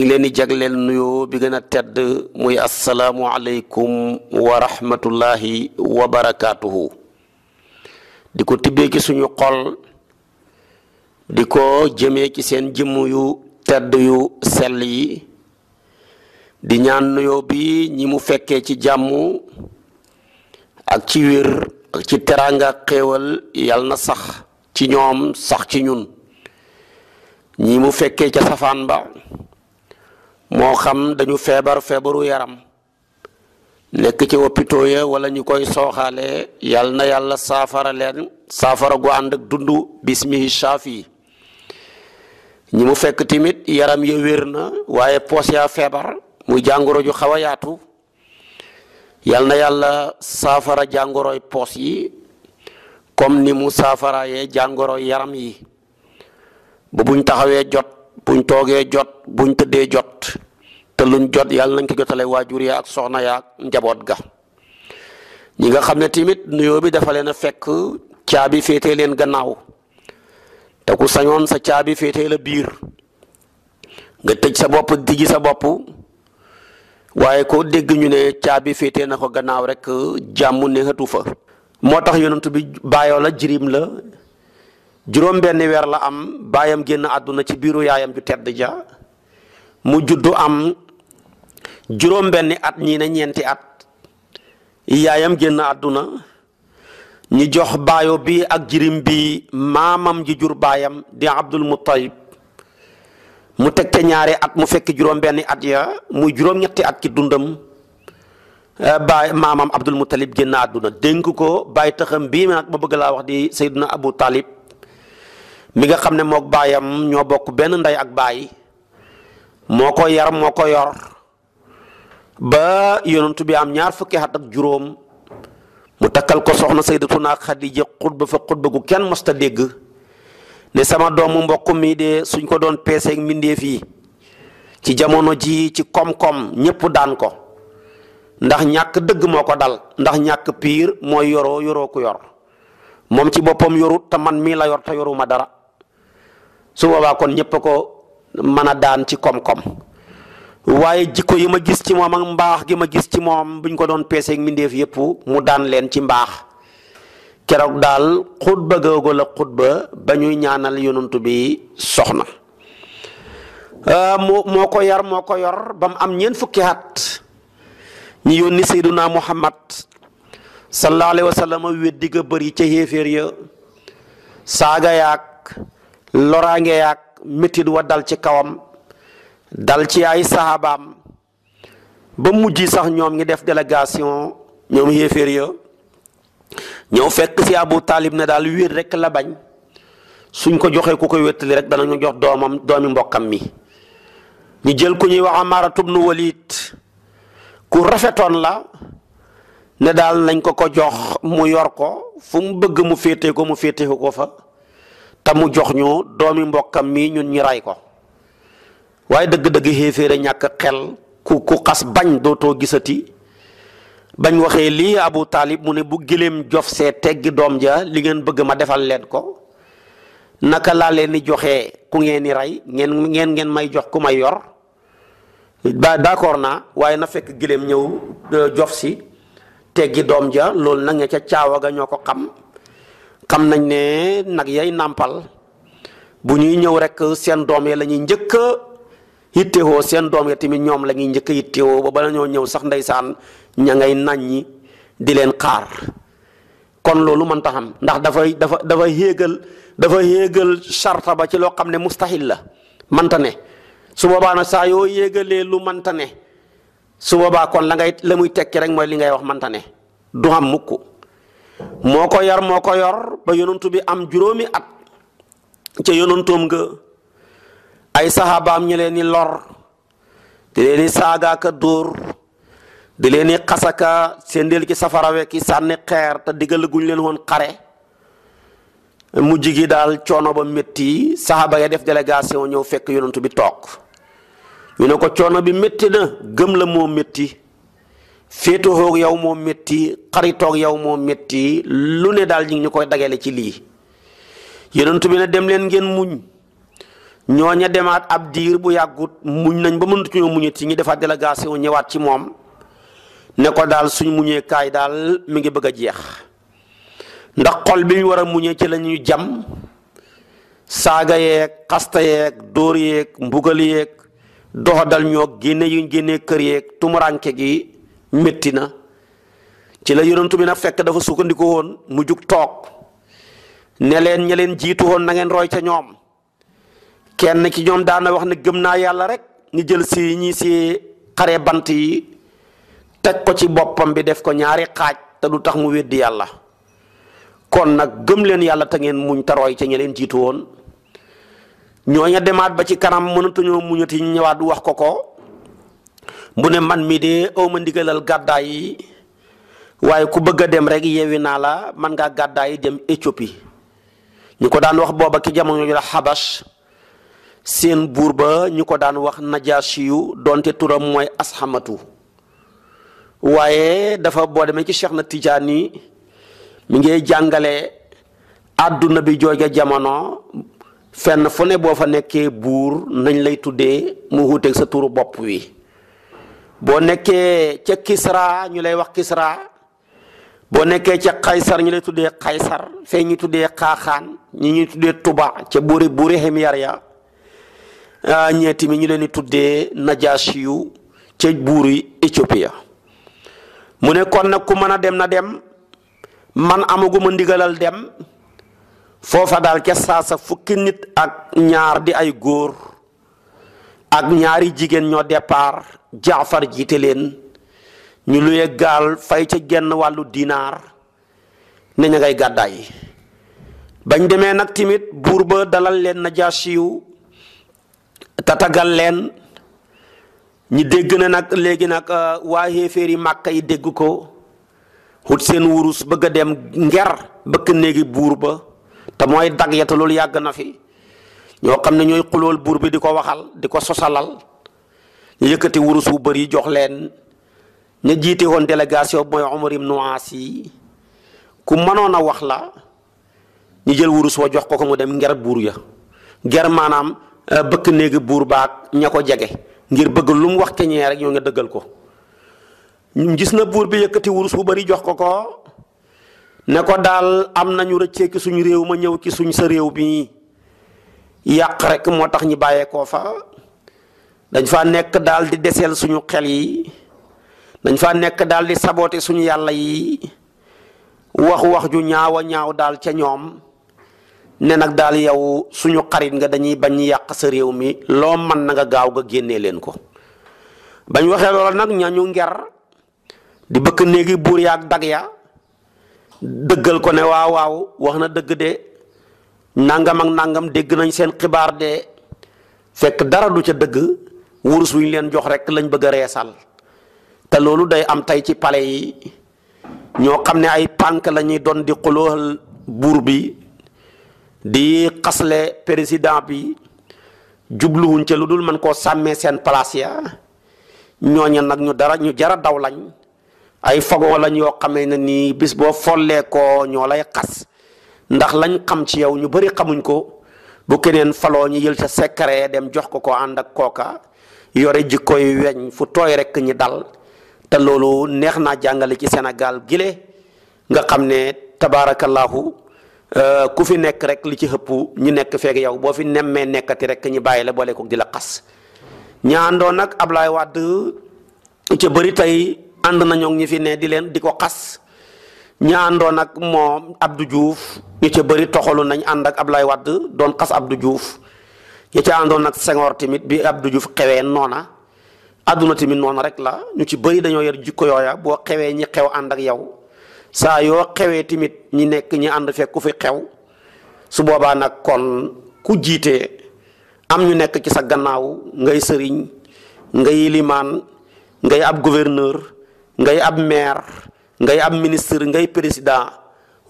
ngi leen di jagleel nuyoo bi gën a tedd muy assalaamu aleykum wa rahmatullahi wa barakaatuhu di ko tibbee ci suñu xol di ko jëmee ci seen jëmm yu tedd yu sell yi di ñaan nuyo bi ñi mu fekkee ci jàmm ak ci wér ci teraanga xéewal yal na sax ci ñoom sax ci ñun ñi mu fekkee ca safaan ba moo xam dañu feebar feebaru yaram nekk ci hôpitaux ya wala ñu koy sooxaale yal na yàlla saafara leen saafara gu ànd ak dund bismihi shaafi ñi mu fekk tamit yaram yi wér na waaye poos yaa feebar muy jàngoro ju xaw a yaatu yal na yàlla saafara jàngoroy poos yi comme ni mu saafarayee jàngoroy yaram yi bu buñ taxawee jot buñ toogee jot buñ tëddee jot te luñ jot yàlla nañ ko jotale waajur ya ak soxna ya njaboot ga ñi nga xam ne timit nuyoo bi dafa leen a fekk caabi féete leen gannaaw te ku sañoon sa caabi féete la biir nga tëj sa bopp digi sa bopp waaye koo dégg ñu ne caabi féetee na ko gannaaw rek jàmm neexatu fa moo tax yonent bi baayoo la jirim la juróom benn weer la am baayam génn àdduna ci biiru yaayam ju tedd ja mu juddu am juróom-benni at ñii ne ñeenti at yaayam génn àdduna ñi jox baayo bi ak jirim bi maamam ji jur baayam di Abdul Muttalib mu teg ca ñaari at mu fekk juróom-benni at ya muy juróom-ñetti at ci dundam eh, baay maamam Abdul Muttalib génn àdduna dénk ko bàyyi taxam bii nag ma bëgg laa wax di Seydina Abu Talib mi nga xam ne mook baayam ñoo bokk benn ndey ak baay moo ko yar moo ko yor. ba yonent bi am ñaar fukki xat ak juróom mu takkal ko soxna sayyidatuna Xadija xutba fa xutba gu kenn mosta dégg ne sama doomu mbokk mii de suñ ko doon peeseek mbindeef yi ci jamono ji ci koom-koom ñépp daan ko ndax ñàkk dëgg moo ko dal ndax ñàkk piir mooy yoroo yoroo ku yor moom ci boppam yorut te man mii la yor te yoruma dara su boobaa kon ñépp a ko mën a daan ci koom-koom waaye jikko yi ma gis ci moom ak mbaax gi ma gis ci moom buñ ko doon peeseeg mbindeef yépp mu daan leen ci mbaax keroog daal xutba googu la xutba ba ñuy ñaanal yonantu bi soxna ah, moo moo ko yar moo ko yor ba mu am ñeent fukki at ñu yónni sayduna muhammad sallallahu alayhi wa sallam weddi ga bëri ca xéeféer ya saaga yaag loraange yaag métit wa dal ci kawam dal ci ay sahabaam ba mujj sax ñoom ñi def délégation ñoom yéeféer ya ñëw fekk si Abu Taalib ne daal wéet rek la bañ suñ ko joxee ku koy wéttali rek danañu jox doomam doomi mbokkam mi ñu jël ku ñuy wax Amaaratu bnu Waliid ku rafetoon la ne daal nañ ko ko jox mu yor ko fu mu bëgg mu féete ko mu féete ko fa tamu mu jox ñu doomi mbokkam mi ñun ñi ray ko waaye dëgg-dëgg xéeféer a xel ku ku xas bañ dootoo gisati bañ waxee lii Abu Taalib mu ne bu giléem jof see teggi doom ja li ngeen bëgg ma defal leen ko naka laa leen di joxee ku ngeen di rey ngeen ngeen ngeen may jox ku may yor ba d'accord naa waaye na fekk giléem ñëw euh, jof si teggi doom ja loolu nag ña ca caawa ga ñoo ko xam xam nañ ne nag yay nàmpal bu ñuy ñëw rek seen doom ya lañuy ñuy njëkk yittewoo seen doom ya tamit ñoom la ñuy njëkk a yittewoo ba bala ñoo ñëw sax ndeysaan ña ngay nàññi di leen xaar kon loolu mën ta xam ndax dafay dafa dafa yéegal dafa yéegal sarta ba ci loo xam ne mustahil la manta ne su boobaa nag saa yoo yéegalee lu manta ne su boobaa kon la ngay la muy tekki rek mooy li ngay wax manta ne du xam mukk moo ko yar moo ko yor ba yonantu bi am juróomi at ca yonantoom nga ay saxaabaam ñi leen di lor di leen di saagaaka dóor di leen di xasaka seen del ci safarawe ki sànni xeer te diggal guñ leen woon xare mujj gi daal coono ba metti saxaaba yi def délégation ñëw fekk yonantu bi toog ñu ne ko coono bi métti na gëm la moo métti féetoog yow moo métti xaritoog yow moo metti lu ne daal ñu ngi ñu koy dagale ci lii yonantu bi ne dem leen ngeen muñ ñoo ña demaat ab diir bu yàggut muñ nañ ba mënut ñoo muñet ci ñi defaat délégation ñëwaat ci moom ne ko daal suñ muñee daal mi ngi bëgg a jeex ndax xol bi war a muñee ci lañuy jam saaga yeeg xasta yeeg dóor yeeg mbugal yeeg doxadal ñoo génne yuñ génne kër yeeg tumuranke gi metti na ci la yonantu tubi nag fekk dafa sukkandiku woon mu jug toog ne leen ña leen jiitu woon na ngeen roy ca ñoom kenn ki ñoom daana wax na gëm naa yàlla rek ñu jël si ñi si xare bant yi teg ko ci boppam bi def ko ñaari xaaj te du tax mu weddi yàlla kon nag gëm leen yàlla te ngeen muñ tarooy ca ña leen jiitu woon ñoo ñooña demaat ba ci kanam mënatuñoo muñati ñëwaat wax ko ko mu ne man mii de aw ma ndigalal gàddaay yi waaye ku bëgg a dem rek yeewi naa la man ngaa gàddaay yi dem Éthiopie ñu ko daan wax booba ki jamono la xabas seen buur ba ñu ko daan wax najaashi yu donte turam mooy asxamatu waaye dafa boo demee ci Cheikh na Tijaani mu ngay jàngale àdduna bi jooja jamono fenn fu ne boo fa nekkee buur nañ lay tuddee mu wuuteeg sa turu bopp wi boo nekkee ca Kisra ñu lay wax Kisra boo nekkee ca Kaysar ñu lay tuddee Kaysar fee ñu tuddee Xaaxaan ñi ñuy tuddee Tuba ca buuri buuri Himyar ya Ah, ñeeti mi ñu leen di tuddee najaasi yu ca buuri Éthiopia mu ne kon nag ku mën a dem na dem man amaguma ndigalal dem foofa daal ca saasa fukki nit ak ñaar di ay góor ak ñaari jigéen ñoo départ jaafar jiite leen ñu luye gaal fay ca genn wàllu dinaar ne ña ngay gàddaay bañ demee nag timit buur ba dalal leen najaasiyu tatagal leen ñi dégg na nag léegi nag waaye euh, waa yi màkka yi dégg ko xut seen wurus bëgg a dem nger bëkk néegi buur ba te mooy dag ya te loolu yàgg na fi ñoo xam ne ñooy xulool buur bi di ko waxal di ko sosalal ñu yëkkati wurus wu bari jox leen ñu jiite woon délégation mooy Umar ibn yi ku mënoon a wax la ñu jël wurus wa jox ko ko mu dem nger buur ya nger maanaam Euh, bëkk néegi buur baag ña ko jege ngir bëgg lu mu wax keñee rek ñoo nga dëggal ko gis na buur bi yëkkati wurus bu bari jox ko ko ne ko daal am nañu rëccee ci suñu réew ma ñëw ci suñu sa réew bi yàq rek moo tax ñi bàyyeekoo fa dañ fa nekk daal di deseel suñu xel yi dañ fa nekk daal di saboote suñu yàlla yi wax wax ju ñaawa ñaaw daal ca ñoom ne nag daal yow suñu xarit nga dañuy bañ yàq sa réew mi loo man na nga gaaw nga génnee leen ko bañ waxee loolu nag ñañu nger di bëkk néegi buur yaag dag ya dëggal ko ne waaw waaw wax na dëgg de nangam ak nangam dégg nañ seen xibaar de fekk dara du ca dëgg wurus wi ñu leen jox rek lañ bëgg a reesal te loolu day am tey ci pale yi ñoo xam ne ay pànk lañuy doon di xulóoxal buur bi di xasle président bi jubluwuñ ca lu dul mën koo sàmmee seen place ya ñooña nag ñu dara ñu jara daw lañ ay fagon lañ yoo xamee ne nii bis boo follee ko ñoo lay xas ndax lañ xam ci yow ñu bari xamuñ ko bu keneen faloo ñu yël sa secret dem jox ko ko ànd ak kooka yore jikko yu weñ fu tooy rekk ñi dal te loolu neex naa jàngale ci Sénégal gile nga xam ne tabaarakallaahu Euh, ku fi nekk rek li ci xëpp ñu nekk feeg yow boo fi nemmee nekkati rek ñu bàyyi la boole ko di la xas ñaandoo nag Ablaye Wade ca bëri tey ànd nañoo ñi fi ne di leen di ko xas ñaandoo nag moom Abdou Diouf ñu ca bëri toxalu nañ ànd ak Ablaye Wade doon xas du juuf ñu ca àndoon nag Senghor tamit bi Abdou Diouf xewee noona àdduna tamit noona rek la ñu ci bëri dañoo yor jikko yooya boo xewee ñi xew ànd ak yow. saa yoo xewee tamit ñi nekk ñi ànd fekk ku fi xew su boobaa nag kon ku jiite am ñu nekk ci sa gannaaw ngay sëriñ ngay limaan ngay ab gouverneur ngay ab maire ngay ab ministre ngay président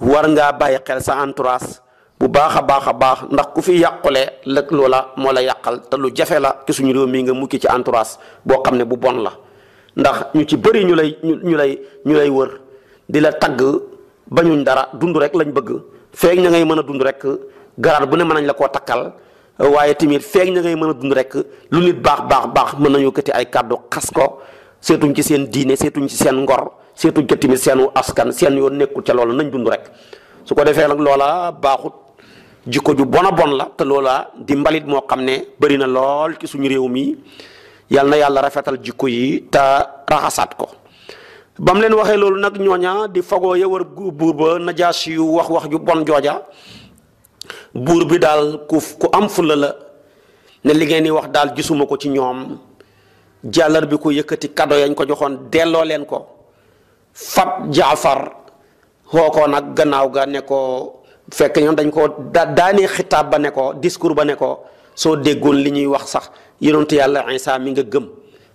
war ngaa bàyyi xel sa entourage bu baax a baax a baax ndax ku fi yàqule lëg la moo la yàqal te lu jafe la ci suñu réew mii nga mukki ci entourage boo xam ne bu bon la ndax ñu ci bëri ñu lay ñu lay ñu lay wër di la tagg bañuñ dara dund rek lañ bëgg feeg ña ngay mën a dund rek garaat bu ne mën nañ la koo takkal waaye tamit feeg ña ngay mën a dund rek lu nit baax baax baax mën nañu këti ay kàddu xas ko seetuñ ci seen diine seetuñ ci seen ngor seetuñ ci tamit seenu askan seen yoon nekkul ca loolu nañ dund rek su ko defee nag loola baaxut jikko ju bona bon la te loola di mbalit moo xam ne bëri na lool ci suñu réew mi yal na yàlla rafetal jikko yi te raxasaat ko ba mu leen waxee loolu nag ñooña di fagoo ya war buur ba najaas yu wax wax ju bon jooja buur bi daal ku ku am fulla la ne li ngeen di wax daal gisuma ko ci ñoom jàllar bi ko yëkkati kado yañ ko joxoon delloo leen ko fab jaafar xoo ko nag gannaaw ga ne ko fekk ñoom dañ ko da daanee xitaab ba ne ko discours ba ne ko soo déggoon li ñuy wax sax yonentu yàlla Isaa mi nga gëm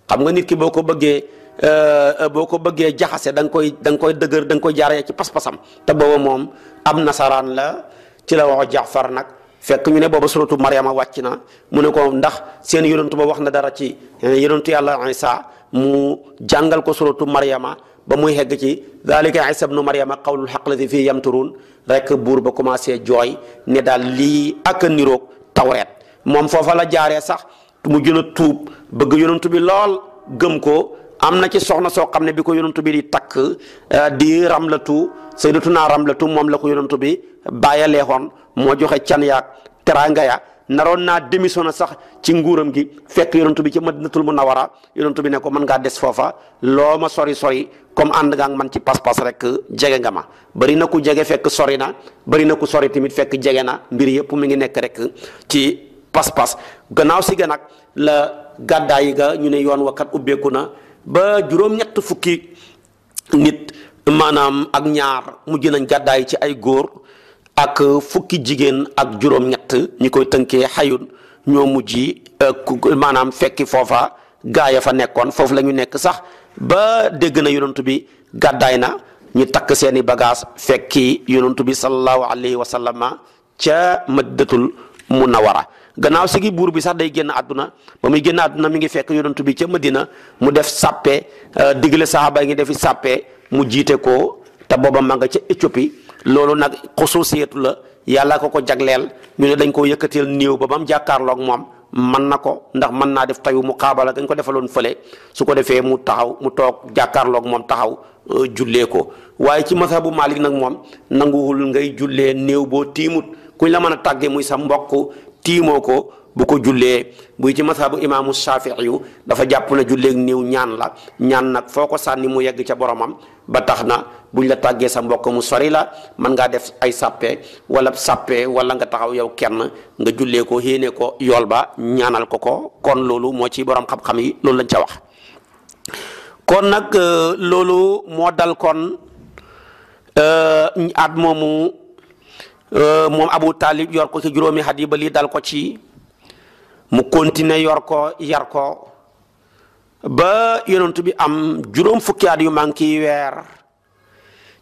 xam nga nit ki boo ko bëggee Euh, euh, boo ko bëggee jaxase da nga koy da nga koy dëgër da nga koy jaaree ci pas-pasam te booba moom ab nasaraan la ci la wax far nag fekk ñu ne booba suratu Maryama wàcc na mu ne ko ndax seen yonentu ba wax na dara ci eh, yonentu yàlla Isa mu jàngal ko suratu Maryama ba muy hegg ci dalika Isa bnu Maryama qawlul haqq lazi fii yamturun rek buur ba commencé jooy ne daal lii ak a niroog tawreet moom foofa la jaaree sax mu gën tuub bëgg yonentu bi lool gëm ko. am na ci soxna soo xam ne bi ko yonantu bi di takk euh, di la tu ramlatu la tu moom la ko yonantu bi bàyyaleexoon moo joxe can yaag teraanga ya naroon naa démissionné sax ci nguuram gi fekk yonantu bi ci ma madinatul munawara yonantu bi ne ko mën ngaa des foofa loo ma sori sori comme ànd nga man ci pas-pas rek jege nga ma bëri na ku jege fekk sori na bëri na ku sori tamit fekk jege na mbir yëpp mi ngi nekk rek ci pas-pas gannaaw si ga nag la ñu ne yoon wakat ubbeeku na ba juróom-ñett fukki nit maanaam ak ñaar mujj nañ gàddaay ci ay góor ak fukki jigéen ak juróom-ñett ñi koy tënkee xayun ñoo mujj euh, maanaam fekki foofa gaa ya fa nekkoon foofu la nekk sax ba dégg na yonent bi gàddaay na ñu takk seeni bagage fekki yonent bi sallallahu alayhi wa sallama ca madinatul munawara gannaaw sigi buur bi sax day génn àdduna ba muy génn àdduna mi ngi fekk yonent bi ca Madina mu def sàppe euh, digle sax yi ngi defi sàppe mu jiite ko te boobam ma nga ca Éthiopie loolu nag xusuusiyatu la yàlla ko ko jagleel ñu ne dañ koo yëkkateel néew ba ba jàkkaarlook moom man na ko ndax mën naa def tayu mu xaabala gañ ko defaloon fële su ko defee mu taxaw mu toog jàkkaarlook moom taxaw euh, jullee ko waaye ci mazhabu Maalik nag moom nanguwul ngay jullee néew boo tiimut kuñ la mën a tàggee muy sa mbokk tiimoo ko bu ko jullee buy ci masaabu imaamu Shafii yu dafa jàpp na julleeg néew ñaan la ñaan nag foo ko sànni mu yegg ca boromam ba tax na buñ la tàggee sa mbokk mu sori la mën ngaa def ay sàppee wala sàppe wala nga taxaw yow kenn nga jullee ko yéene ko yool ba ñaanal ko ko kon loolu moo ci borom xam-xam yi loolu lañ ca wax kon nag euh, loolu moo dal kon euh, at moomu. Euh, moom Abu Talib yor ko ci juróomi at yi ba lii dal ko ci mu continuer yor ko yar ko ba yonent bi am juróom fukki at yu manqué weer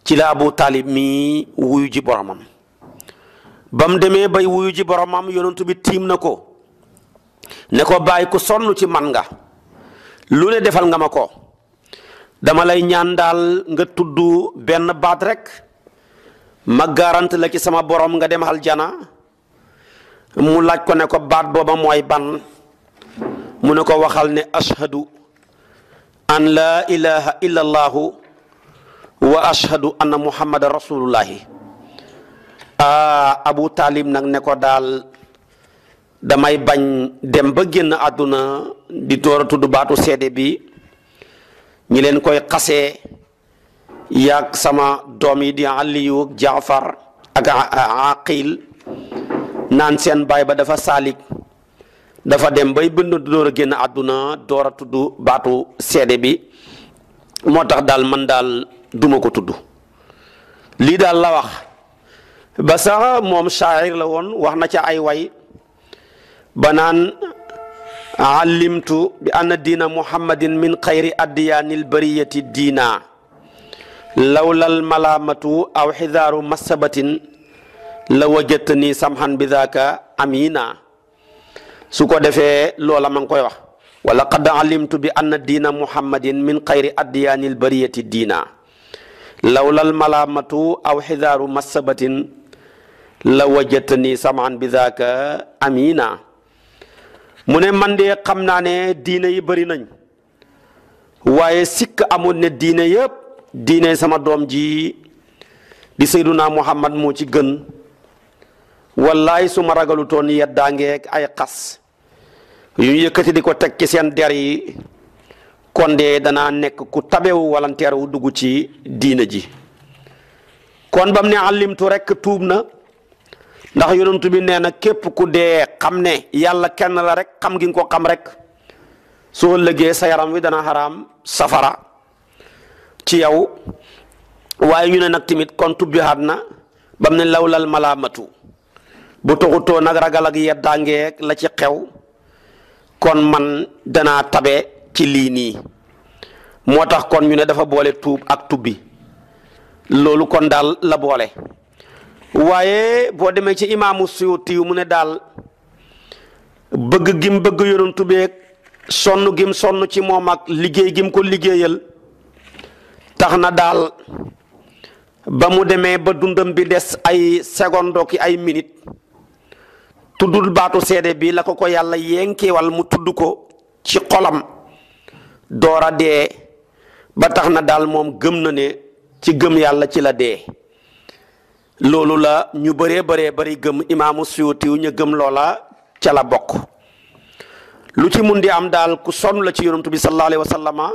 ci la Abu Talib mi wuyu ji boromam ba mu demee bay wuyu ji boromam yonent bi tiim na ko ne ko bàyyi ko sonn ci man nga lu ne defal nga ma ko dama lay ñaan daal nga tudd benn baat rek ma garant la ci sama borom nga dem aljana mu laaj ko ne ko baat booba mooy ban mu ne ko waxal ne ashhadu an laa ilaha illa wa ashhadu anna muhammadan rasulullahi a abu taalib nag ne ko daal damay bañ dem ba génn àdduna di door a tudd baatu seede bi ñi leen koy xasee yaag sama doom yi di Aliyu Jaafar ak Aqil naan seen baay ba dafa saalik dafa dem bay bënd door a génn àdduna door a tudd baatu seede bi moo tax daal man daal duma ko tudd lii daal la wax ba sax moom shaayir la woon wax na ca ay way ba naan allimtu bi anna diina muhammadin min xayri addiyaanil bariyati diina lawlal malaamatu aw xidaaru masabatin la wajatani samhan bi daaka amina su ko defee loola ma ngi koy wax wala qad alimtu bi anna diina muhammadin min xayri addiyaani lbariyati diina lawlal malaamatu aw xidaaru masabatin la wajatani samhan bi daaka amina mu ne man de xam naa ne diine yi bari nañ waaye sikk amul ne diina yëpp diine sama doom ji di sayduna muhammad moo ci gën wallaay su ma ragalutoon yeddaangeeg ay xas yu ñu yëkkati di ko teg ci seen der yi kon de danaa nekk ku tabewu walanteer wu dugg ci diina ji kon bam ne àllimtu rekk tuub na ndax yonent bi nee na képp ku dee xam ne yàlla kenn la rek xam gi nga ko xam rek soo lëggee sa yaram wi dana xaraam safara ci yow waaye ñu ne nag tamit kon tubbihaat na bam ne lawlal malaamatu bu taxutoo nag ragal ak yeddaangeeg la ci xew kon man danaa tabe ci lii nii moo tax kon ñu ne dafa boole tuub ak tubbi loolu kon daal la boole waaye boo demee ci imaamu Suyuti mu ne daal bëgg gim bëgg yonent bi sonn gim sonn ci moom ak liggéey gim ko liggéeyal tax na daal ba mu demee ba dundam bi des ay seconde ay minute tuddul baatu seede bi la ko ko yàlla yenkewal mu tudd ko ci xolam doora dee ba tax na daal moom gëm na ne ci gëm yàlla ci la dee loolu la ñu bëree bare bari gëm imaamu suyuti ñu gëm loola ca la bokk lu ci mun di am daal ku sonn la ci yonantu bi sallallahu alayhi wa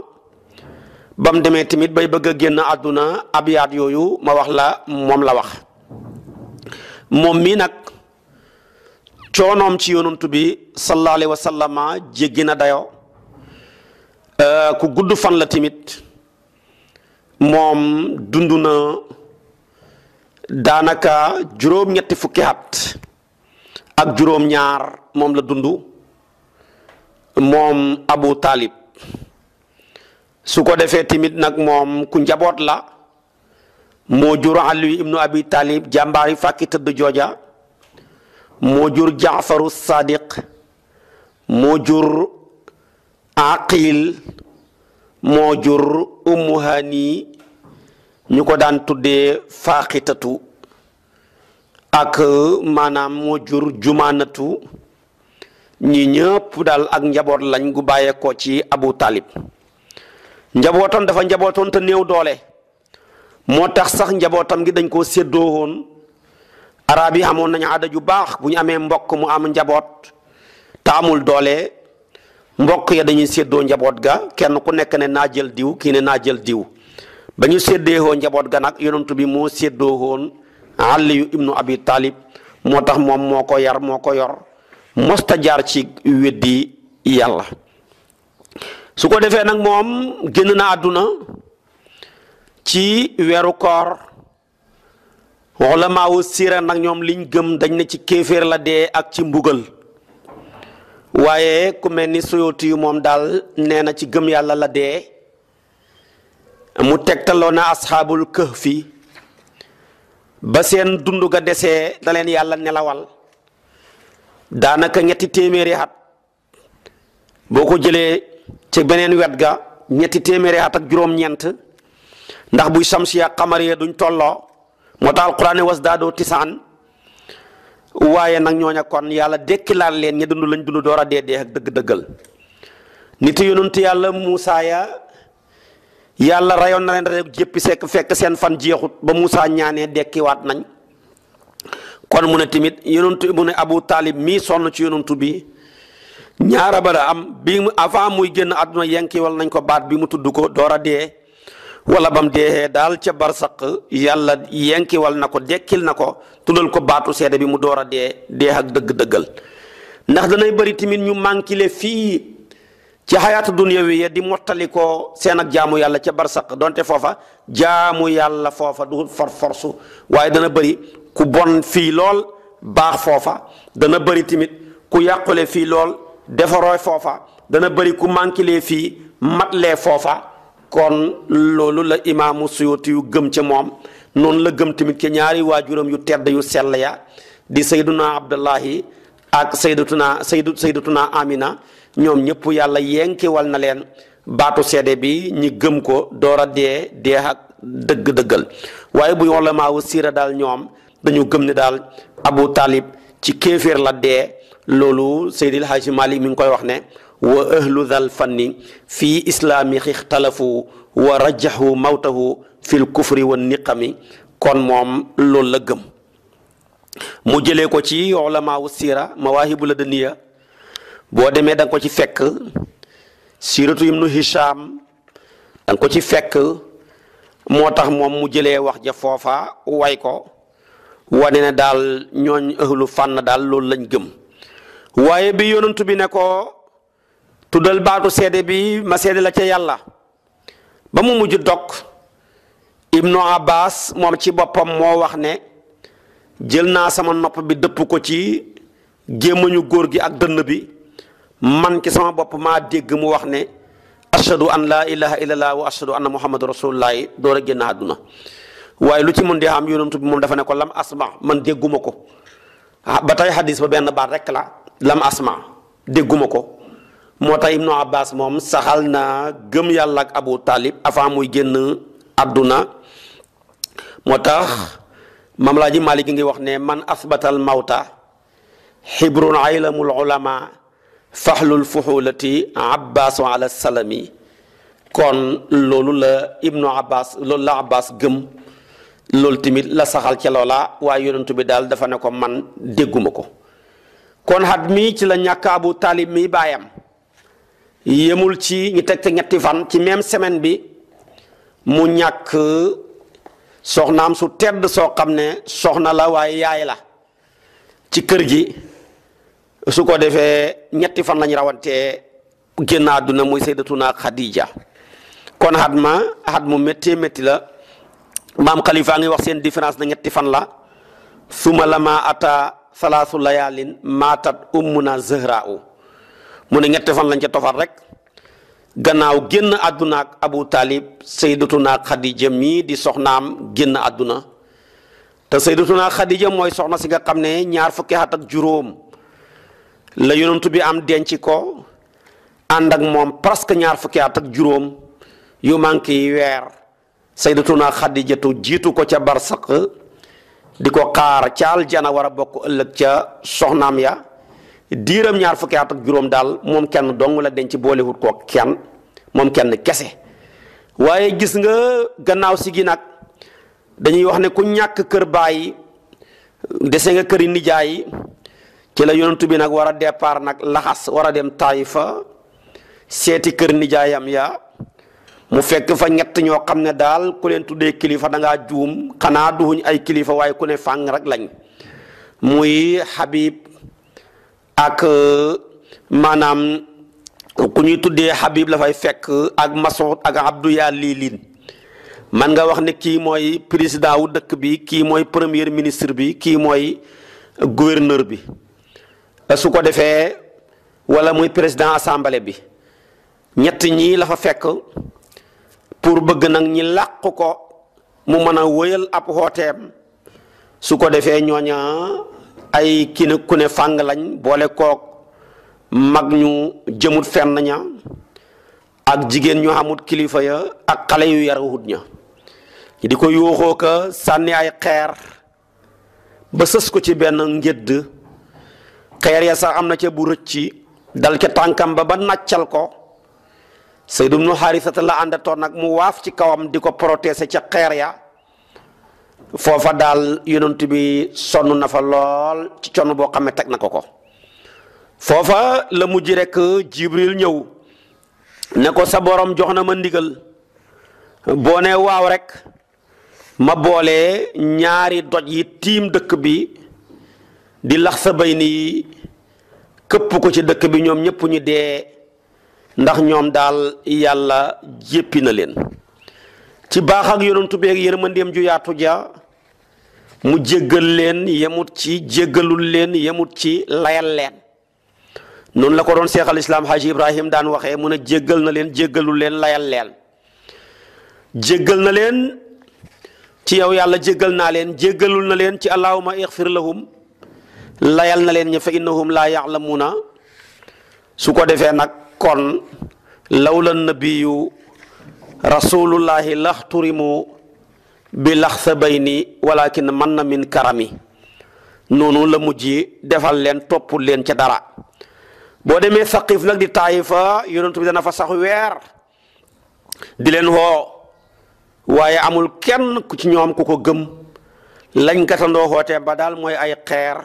ba mu demee tamit bay bëgg a génn àdduna abiyaat yooyu ma wax la moom la wax moom mii nag coonoom ci yonantu bi sallallahu alayhi wa sallama jéggi na dayo euh, ku gudd fan la tamit moom dund na daanaka juróom-ñetti fukki at ak juróom-ñaar moom la dund moom Abu Talib su ko defee tamit nag moom ku njaboot la moo jur Ali ibnu Abi Talib jàmbaari tëdd jooja moo jur Jaafaru Sadiq moo jur Aqil moo jur Ummu Hani ñu ko daan tuddee faaxitatu ak maanaam moo jur jumaanatu ñi ñëpp dal ak njaboot lañ gu bàyyeekoo ci Abu Talib njabootoon dafa njabootoon te néew doole moo tax sax njabootam gi dañ koo séddoo woon arab yi amoon nañu aada ju baax bu ñu amee mbokk mu am njaboot taamul doole mbokk ya dañuy séddoo njaboot ga kenn ku nekk ne naa jël diw kii ne naa jël diw ba ñu séddeewoon njaboot ga nag yonent bi moo séddoo woon Aliyu ibnu Abi Talib moo tax moom moo ko yar moo ko yor mosta jaar ci weddi yàlla su ko defee nag moom génn na àdduna ci weeru koor ulamaa wu siira nag ñoom liñ gëm dañ ne ci kéeféer la dee ak ci mbugal waaye ku mel ni Suyuti yu moom daal nee ci gëm yàlla la dee mu tegtaloo na asxaabul kahfi ba seen dund ga desee da yàlla nelawal daanaka ñetti téeméeri at boo ko jëlee ci beneen wet ga ñetti téeméeri at ak juróom-ñeent ndax buy samsiya xamariya duñ tollo moo tax alquran ne wasdaadoo tisaan waaye nag ñooña kon yàlla dekkilaat leen ñi dund lañ dund door a dee dee ak dëgg-dëggal nit yonent yàlla Muusaa ya yàlla rayoon na leen rek jéppi sekk fekk seen fan jeexut ba musaa ñaanee dekkiwaat nañ kon mu ne tamit yonent mu ne Abu Taalib mii sonn ci yonent bi ñaara ba am bi avant muy génn àdduna yenki wal nañ ko baat bi mu tudd ko door a dee wala ba mu deexee daal ca barsaq yàlla yenki na ko dekkil na ko tuddal ko baatu seede bi mu door a dee deex ak dëgg ndax danay bëri tamit ñu manquile fii ci xayaatu dunya wi di mottali ko seen ak jaamu yàlla ca barsaq donte foofa jaamu yàlla foofa du for waaye dana bëri ku bon fii lool baax foofa dana bari tamit ku yàqule fii lool defaroo foofa dana bëri ku manquile fii matlee foofa kon loolu la imaamu suyuti yu gëm ca moom noonu la gëm tamit ki ñaari waajuram yu tedd yu sell ya di sayduna abdullahi ak saydatuna saydu saydatuna amina ñoom ñëpp yàlla yenkewal na leen baatu seede bi ñi gëm ko door a dee dee ak dëgg-dëggal waaye bu ulamaa wu siira daal ñoom dañu gëm ne daal abu taalib ci kéeféer la dee loolu Seydil Haaji Malik mi ngi koy wax ne wa ahlu dhal fanni fii islaami talafu wa rajahu mawtahu fil kufri wa niqami kon moom loolu la gëm mu jële ko ci ulama wu siira mawaahibu la daniya boo demee da ko ci fekk siiratu ibnu Hisham da nga ko ci fekk moo tax moom mu jëlee wax ja foofa way ko wane ne daal ñooñ ahlu fànn daal loolu lañ gëm waaye bi yonent bi ne ko tuddal baatu seede bi ma seede la ca yàlla ba mu mujj dog ibnu abbas moom ci boppam moo wax ne jël naa sama nopp bi dëpp ko ci gémmañu góor gi ak dënn bi man ci sama bopp maa dégg mu wax ne ashadu an laa ilaha illallah wa ashadu anna muhammadu rasulullahi door a génn waaye lu ci mun di am yonent bi moom dafa ne ko lam asma man dégguma ko ah, ba tey xadis ba benn baat rek la lam asma dégguma ko moo tax ibnu abbas moom saxal na gëm yàlla ak abu taalib avant muy génn àdduna moo tax mam laa ji malik ngi wax ne man asbatal mawta xibrun aylamul ulama faxlul fuxulati abbaasu ala salami kon loolu la ibnu abbas loolu la abbas gëm loolu tamit la saxal celoo la waaye yonentu bi daal dafa ne ko man dégguma ko kon xat mii ci la ñàkk abu taalib mii baayam yemul ci ñu teg te ñetti fan ci même semaine bi mu ñàkk soxnaam su tedd soo xam ne soxna la waaye yaay la ci kër gi su ko defee ñetti fan lañ rawantee génn àdduna muy sayyidatuna Khadija kon xat ma xat mu méttee métti la maam Khalifa ngi wax seen différence na ñetti fan la suma la ma ata salaasu layaalin maatat ummuna zëhra u mu ne ñetti fan lañ ca tofal rek gannaaw génn àdduna ak abu taalib sayyidatuna xadija mii di soxnaam génn àdduna te sayyidatuna xadija mooy soxna si nga xam ne ñaar fukki at ak juróom la yonentu bi am denc ko ànd ak moom presque ñaar fukki at ak juróom yu manqué yi weer sayyidatuna xadijatu jiitu ko ca barsaq di ko xaar ca aljana war a bokk ëllëg ca soxnaam ya diiram ñaar fukki at ak juróom daal moom kenn dong la denc boolewut koo kenn moom kenn kese waaye gis nga gannaaw si gi nag dañuy wax ne ku ñàkk kër bàyyi dese nga këri nijaay ci la yonentu bi nag war a départ nag laxas war a dem fa seeti kër nijaayam ya mu fekk fa ñett ñoo xam ne daal ku leen tuddee kilifa dangaa juum xanaa duhuñ ay kilifa waaye ku ne fàng rek lañ muy Habib ak euh, maanaam ku ñuy tuddee Habib la fay fekk ak Masoud ak Abdou lii liin man nga wax ne kii mooy président wu dëkk bi kii mooy premier ministre bi kii mooy gouverneur bi euh, su ko defee wala muy président assemblée bi ñett ñii la fa fekk. pour bëgg nag ñi làq ko mu mën a woyal ab xooteem su ko defee ñooña ay ki ne ku ne fàng lañ boole kook mag ñu jëmut fenn ña ak jigéen ñu xamut kilifa ya ak xale yu yarawut ña di ko yuuxoo ko sànni ay xeer ba sës ko ci benn ngédd xeer ya sax am na ca bu rëcc dal ca tànkam ba ba nàccal ko Saydu bnu Xaarisata la àndatoon nag mu waaf ci kawam di ko protéger ca xeer ya foofa daal yonent bi sonn nafa lool ci conn boo xam ne teg na ko ko foofa la mujj rekk Jibril ñëw ne ko sa borom jox na ma ndigal boo ne waaw rek ma boole ñaari doj yi tiim dëkk bi di lax sa bay nii këpp ko ci dëkk bi ñoom ñëpp ñu dee. ndax ñoom daal yàlla jéppi na leen ci baax ak yonantu beeg yërmandeem ju yaatu ja mu jéggal leen yemut ci jéggalul leen yemut ci layal leen noonu la ko doon seexal islaam Haji Ibrahim daan waxee mu ne jéggal na leen jéggalul leen layal leen jéggal na leen ci yow yàlla jéggal naa leen jéggalul na leen ci allahuma ixfir lahum layal na leen ña fa innahum laa yaxlamuuna su ko defee nag kon law lawla nabiyu rasulullahi laxturimu bi lax laxsa bayni walakin man na min karami noonu la mujj defal leen topp leen ca dara boo demee saqif nag di taayifa yonent bi dana fa sax weer di leen woo waaye amul kenn ku ci ñoom ku ko gëm lañ gatandoo xootee ba daal mooy ay xeer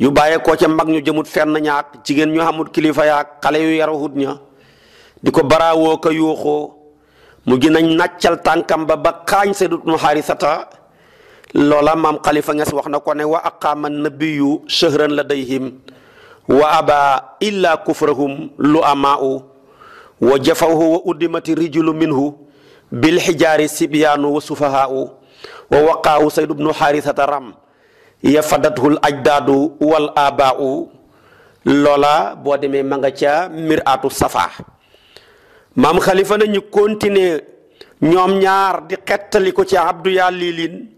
yu bàyyee koo ca mag ñu jëmut fenn ñaak jigéen ñu xamut kilifa yaak xale yu yaruxut ña di ko baraawoo ko yuuxoo mu gën nàccal tànkam ba ba xaañ sedut nu xaarisata loola maam xalifa nges wax na ko ne wa aqaama nabiyu shahran ladayhim wa aba illa kufrahum lu amaau wa jafawhu wa uddimati rijulu minhu bil xijaari sibyaanu wa sufahaau wa waqaahu sayd ubnu xaarisata ram yafadathul ajdaadu wal abaau loola boo demee ma nga ca miraatu safa maam xalifa na ñu continuer ñoom ñaar di xettali ko ci abdu yalilin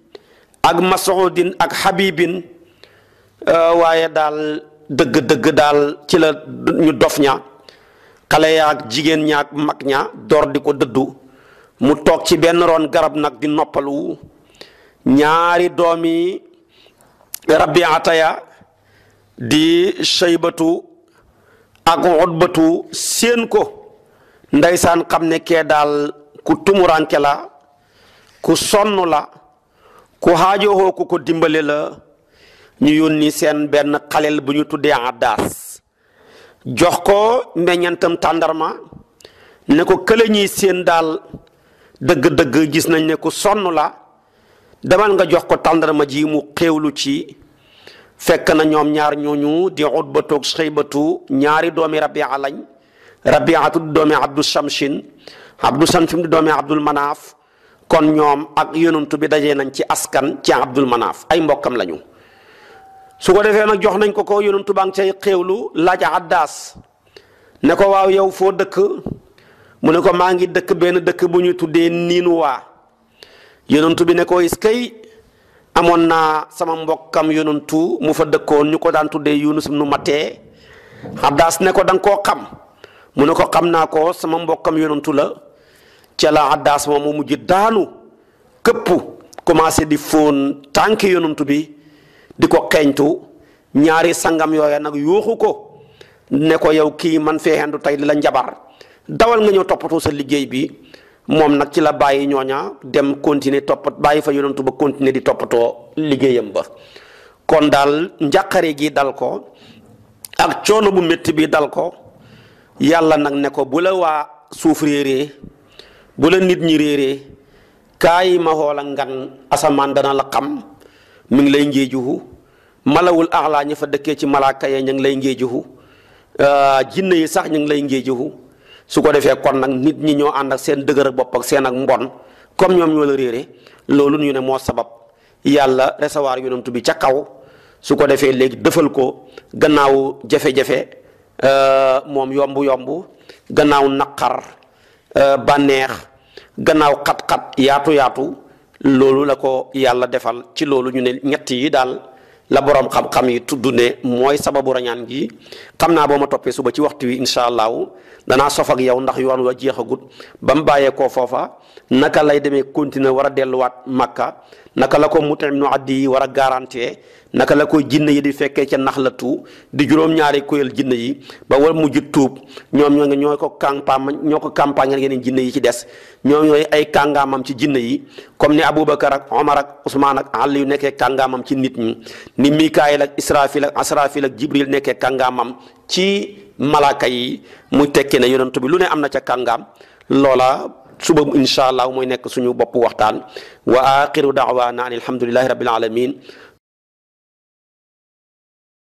ak masudin ak xabibin euh, waaye daal dëgg-dëgg daal ci la ñu dof ña xale yaa jigéen ña mag ña door di ko dëddu mu toog ci benn roon garab nag di noppalu ñaari doomi rabbi ataya di shaybatu ak utbatu séen ko ndeysaan xam ne kee daal ku tumuranke la ku sonn la ku xaajooxoo ku ko dimbale la ñu yónni seen benn xalel bu ñu tuddee addaas jox ko meññantam tàndarma ne ko kële ñi seen daal dëgg-dëgg gis nañ ne ku sonn la demal nga jox ko ma ji mu xéewlu ci fekk na ñoom ñaar ñooñu di utbatoog saybatu ñaari doomi rabia lañ rabiatu di doomi abdu samsin abdu samsin di doomi abdul manaaf kon ñoom ak yonantu bi daje nañ ci askan ci abdul manaaf ay mbokkam lañu su ko defee nag jox nañ ko ko yonantu baa ngi cay xéewlu laaj addaas ne ko waaw yow foo dëkk mu ne ko maa ngi dëkk benn dëkk bu ñu tuddee niinuwaa yonantu bi ne ko is kay amoon naa sama mbokkam yonantu mu fa dëkkoon ñu ko daan tuddee yunus nu matee Haddaas ne ko da nga koo xam mu ne ko xam naa ko sama mbokkam yonantu la ca la moom mu mujj daanu këpp commencé di fóon tànki yonantu bi di ko xeeñtu ñaari sangam yooya nag yuuxu ko ne ko yow kii man fee hendu tey di la njabar dawal nga ñëw toppatoo sa liggéey bi. moom nag ci la bàyyi ñooña dem continuer toppat bàyyi fa yonantu ba continuer di toppatoo liggéeyam ba kon daal njàqare gi dal ko ak coono bu métti bi dal ko yàlla nag ne ko bu la waa suuf réeree bu la nit ñi réeree kaay ma xool ngan asamaan dana la xam mi ngi lay ngéejuhu malawul axlaa ña fa dëkkee ci malaaka ya ña ngi lay ngéejuhu jinne yi sax ña ngi lay ngéejuhu su ko defee kon nag nit ñi ñoo ànd ak seen dëgër ak bopp ak seen ak mbon comme ñoom ñoo la réere loolu ñu ne moo sabab yàlla recevoir yonent bi ca kaw su ko defee léegi defal ko gannaaw jafe-jafe euh, moom yomb-yomb gannaaw naqar euh, bànneex gannaaw xat-xat yaatu-yaatu loolu la ko yàlla defal ci loolu ñu ne ñett yi daal la borom xam-xam yi tudd ne mooy sababu rañaan gi xam naa boo ma toppee suba ci waxtu wi incha allahu danaa sof ak yow ndax yoon wa jeexagut ba mu bàyyeekoo foofa naka lay demee continuer war a delluwaat makka naka la ko Mut'im nu addi yi war a garantie naka la koy jinne yi di fekkee ca la naxlatu di juróom-ñaari kuréel jinne yi ba war mujj tuub ñoom ñoo ñoo ko campagne ñoo ko campagne ak yeneen jinne yi ci des ñoo ñooy ay kàngaamam ci jinne yi comme ni Aboubacar ak Omar ak Ousmane ak Ali yu nekkee kàngaamam ci nit ñi ni Mikaayil ak Israfil ak Asrafil ak Jibril nekkee kàngaamam ci malaaka yi mu tekki na yonent bi lu ne am na ca kàngaam loola suba incha allah mooy nekk suñu bopp waxtaan wa axiru daawaana an alhamdulilahi rabbil alamin